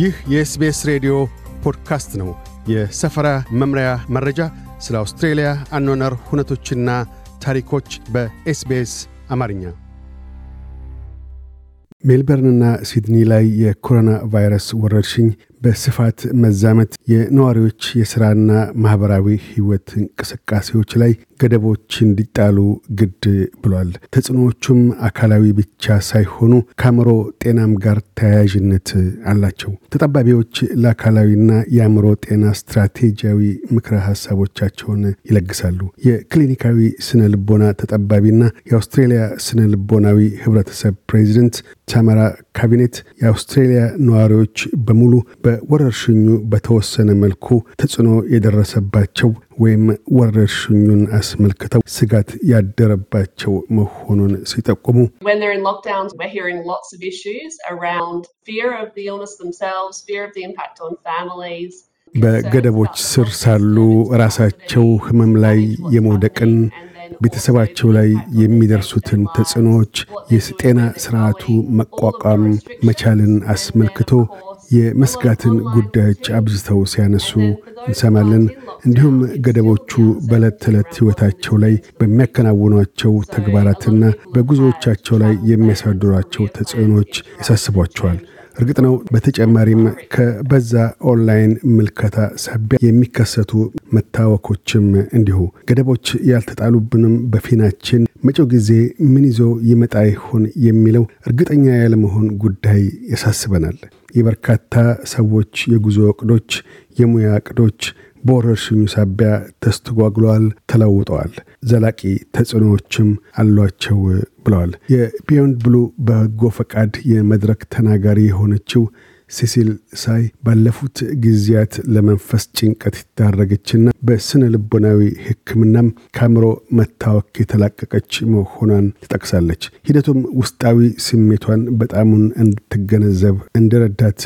ይህ የኤስቤስ ሬዲዮ ፖድካስት ነው። የሰፈራ መምሪያ መረጃ፣ ስለ አውስትሬልያ አኗነር ሁነቶችና ታሪኮች በኤስቤስ አማርኛ። ሜልበርንና ሲድኒ ላይ የኮሮና ቫይረስ ወረርሽኝ በስፋት መዛመት የነዋሪዎች የሥራና ማህበራዊ ህይወት እንቅስቃሴዎች ላይ ገደቦች እንዲጣሉ ግድ ብሏል። ተጽዕኖዎቹም አካላዊ ብቻ ሳይሆኑ ከአእምሮ ጤናም ጋር ተያያዥነት አላቸው። ተጠባቢዎች ለአካላዊና የአእምሮ ጤና ስትራቴጂያዊ ምክረ ሀሳቦቻቸውን ይለግሳሉ። የክሊኒካዊ ስነ ልቦና ተጠባቢና የአውስትሬልያ ስነ ልቦናዊ ህብረተሰብ ፕሬዚደንት ታማራ ካቢኔት የአውስትሬልያ ነዋሪዎች በሙሉ በ በወረርሽኙ በተወሰነ መልኩ ተጽዕኖ የደረሰባቸው ወይም ወረርሽኙን አስመልክተው ስጋት ያደረባቸው መሆኑን ሲጠቁሙ በገደቦች ስር ሳሉ ራሳቸው ህመም ላይ የመውደቅን ቤተሰባቸው ላይ የሚደርሱትን ተጽዕኖዎች የጤና ስርዓቱ መቋቋም መቻልን አስመልክቶ የመስጋትን ጉዳዮች አብዝተው ሲያነሱ እንሰማለን። እንዲሁም ገደቦቹ በዕለት ተዕለት ሕይወታቸው ላይ በሚያከናውኗቸው ተግባራትና በጉዞዎቻቸው ላይ የሚያሳድሯቸው ተጽዕኖች ያሳስቧቸዋል። እርግጥ ነው። በተጨማሪም ከበዛ ኦንላይን ምልከታ ሳቢያ የሚከሰቱ መታወኮችም እንዲሁ ገደቦች ያልተጣሉብንም በፊናችን መጪው ጊዜ ምን ይዞ ይመጣ ይሆን የሚለው እርግጠኛ ያለመሆን ጉዳይ ያሳስበናል። የበርካታ ሰዎች የጉዞ እቅዶች፣ የሙያ እቅዶች በወረርሽኙ ሳቢያ ተስተጓግሏል፣ ተለውጠዋል፣ ዘላቂ ተጽዕኖዎችም አሏቸው ብለዋል። የቢዮንድ ብሉ በጎ ፈቃድ የመድረክ ተናጋሪ የሆነችው ሲሲል ሳይ ባለፉት ጊዜያት ለመንፈስ ጭንቀት ይዳረገችና በስነ ልቦናዊ ሕክምናም ከአእምሮ መታወክ የተላቀቀች መሆኗን ትጠቅሳለች። ሂደቱም ውስጣዊ ስሜቷን በጣሙን እንድትገነዘብ እንደረዳት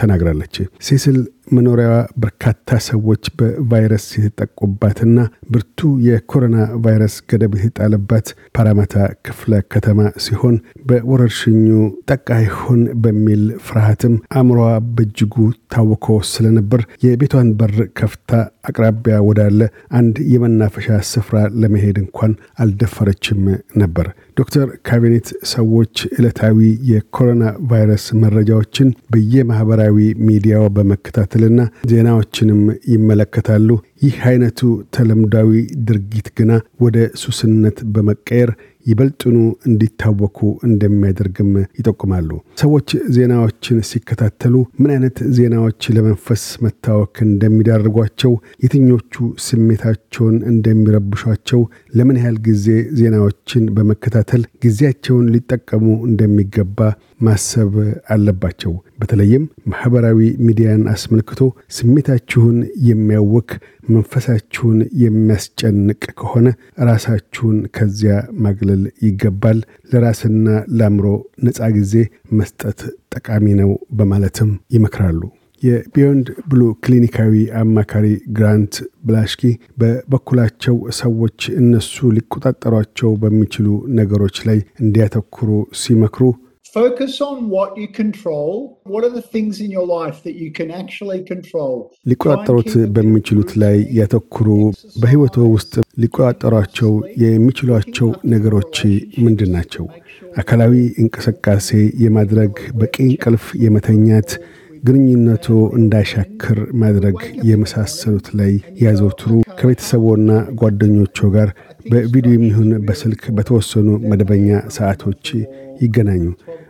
ተናግራለች። ሲሲል መኖሪያዋ በርካታ ሰዎች በቫይረስ የተጠቁባትና ብርቱ የኮሮና ቫይረስ ገደብ የተጣለባት ፓራማታ ክፍለ ከተማ ሲሆን በወረርሽኙ ጠቃ ይሆን በሚል ፍርሃትም አእምሯ በእጅጉ ታውኮ ስለነበር የቤቷን በር ከፍታ አቅራቢያ ወዳለ አንድ የመናፈሻ ስፍራ ለመሄድ እንኳን አልደፈረችም ነበር። ዶክተር ካቢኔት ሰዎች ዕለታዊ የኮሮና ቫይረስ መረጃዎችን በየማህበራዊ ሚዲያው በመከታተልና ዜናዎችንም ይመለከታሉ። ይህ አይነቱ ተለምዳዊ ድርጊት ግና ወደ ሱስነት በመቀየር ይበልጥኑ እንዲታወኩ እንደሚያደርግም ይጠቁማሉ። ሰዎች ዜናዎችን ሲከታተሉ ምን አይነት ዜናዎች ለመንፈስ መታወክ እንደሚዳርጓቸው፣ የትኞቹ ስሜታቸውን እንደሚረብሿቸው፣ ለምን ያህል ጊዜ ዜናዎችን በመከታተል ጊዜያቸውን ሊጠቀሙ እንደሚገባ ማሰብ አለባቸው። በተለይም ማህበራዊ ሚዲያን አስመልክቶ ስሜታችሁን የሚያውክ መንፈሳችሁን የሚያስጨንቅ ከሆነ ራሳችሁን ከዚያ ማግለል ይገባል። ለራስና ለአእምሮ ነፃ ጊዜ መስጠት ጠቃሚ ነው በማለትም ይመክራሉ። የቢዮንድ ብሉ ክሊኒካዊ አማካሪ ግራንት ብላሽኪ በበኩላቸው ሰዎች እነሱ ሊቆጣጠሯቸው በሚችሉ ነገሮች ላይ እንዲያተኩሩ ሲመክሩ ሊቆጣጠሩት በሚችሉት ላይ ያተኩሩ። በህይወቱ ውስጥ ሊቆጣጠሯቸው የሚችሏቸው ነገሮች ምንድን ናቸው? አካላዊ እንቅስቃሴ የማድረግ፣ በቂ እንቅልፍ የመተኛት፣ ግንኙነቱ እንዳይሻክር ማድረግ የመሳሰሉት ላይ ያዘውትሩ። ከቤተሰቦና ጓደኞቹ ጋር በቪዲዮ የሚሆን በስልክ በተወሰኑ መደበኛ ሰዓቶች ይገናኙ።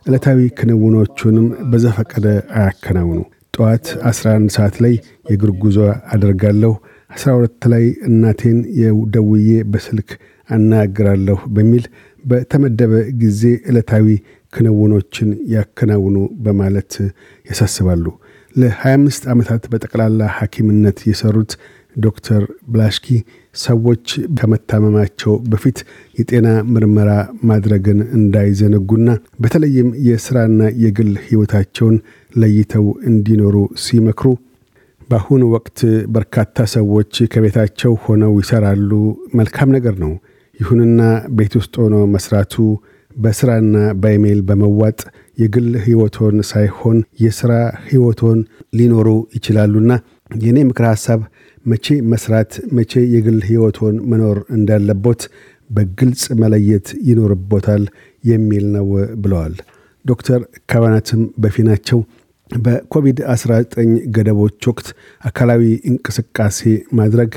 ዕለታዊ ክንውኖቹንም በዘፈቀደ አያከናውኑ። ጠዋት 11 ሰዓት ላይ የእግር ጉዞ አደርጋለሁ፣ 12 ላይ እናቴን የደውዬ በስልክ አናግራለሁ በሚል በተመደበ ጊዜ ዕለታዊ ክንውኖችን ያከናውኑ በማለት ያሳስባሉ። ለ25 ዓመታት በጠቅላላ ሐኪምነት የሰሩት ዶክተር ብላሽኪ ሰዎች ከመታመማቸው በፊት የጤና ምርመራ ማድረግን እንዳይዘነጉና በተለይም የስራና የግል ህይወታቸውን ለይተው እንዲኖሩ ሲመክሩ በአሁኑ ወቅት በርካታ ሰዎች ከቤታቸው ሆነው ይሰራሉ። መልካም ነገር ነው። ይሁንና ቤት ውስጥ ሆኖ መስራቱ በስራና በኢሜይል በመዋጥ የግል ህይወቶን ሳይሆን የስራ ህይወቶን ሊኖሩ ይችላሉና የእኔ ምክረ ሐሳብ መቼ መስራት፣ መቼ የግል ህይወቶን መኖር እንዳለቦት በግልጽ መለየት ይኖርቦታል የሚል ነው ብለዋል። ዶክተር ካባናትም በፊናቸው በኮቪድ-19 ገደቦች ወቅት አካላዊ እንቅስቃሴ ማድረግ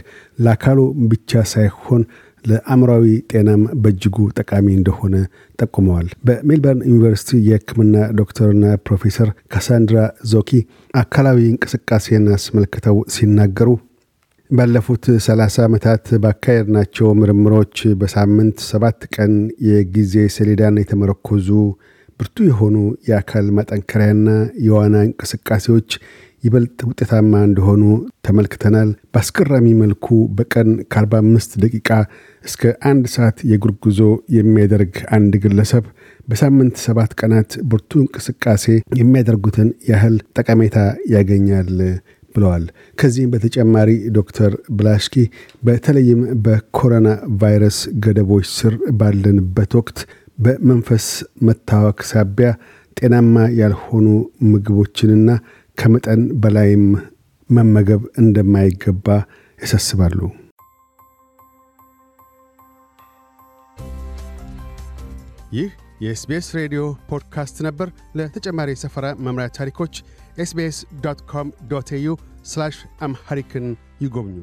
ለአካሉ ብቻ ሳይሆን ለአእምራዊ ጤናም በእጅጉ ጠቃሚ እንደሆነ ጠቁመዋል። በሜልበርን ዩኒቨርሲቲ የህክምና ዶክተርና ፕሮፌሰር ካሳንድራ ዞኪ አካላዊ እንቅስቃሴን አስመልክተው ሲናገሩ ባለፉት 30 ዓመታት ባካሄድ ናቸው። ምርምሮች በሳምንት ሰባት ቀን የጊዜ ሰሌዳን የተመረኮዙ ብርቱ የሆኑ የአካል ማጠንከሪያና የዋና እንቅስቃሴዎች ይበልጥ ውጤታማ እንደሆኑ ተመልክተናል። በአስገራሚ መልኩ በቀን ከ45 ደቂቃ እስከ አንድ ሰዓት የጉርጉዞ ጉዞ የሚያደርግ አንድ ግለሰብ በሳምንት ሰባት ቀናት ብርቱ እንቅስቃሴ የሚያደርጉትን ያህል ጠቀሜታ ያገኛል። ብለዋል። ከዚህም በተጨማሪ ዶክተር ብላሽኪ በተለይም በኮሮና ቫይረስ ገደቦች ስር ባለንበት ወቅት በመንፈስ መታወክ ሳቢያ ጤናማ ያልሆኑ ምግቦችንና ከመጠን በላይም መመገብ እንደማይገባ ያሳስባሉ። ይህ የኤስቤስ ሬዲዮ ፖድካስት ነበር። ለተጨማሪ ሰፈራ መምሪያ ታሪኮች ኤስቤስ ዶት ኮም ዶት ኤዩ አምሐሪክን ይጎብኙ።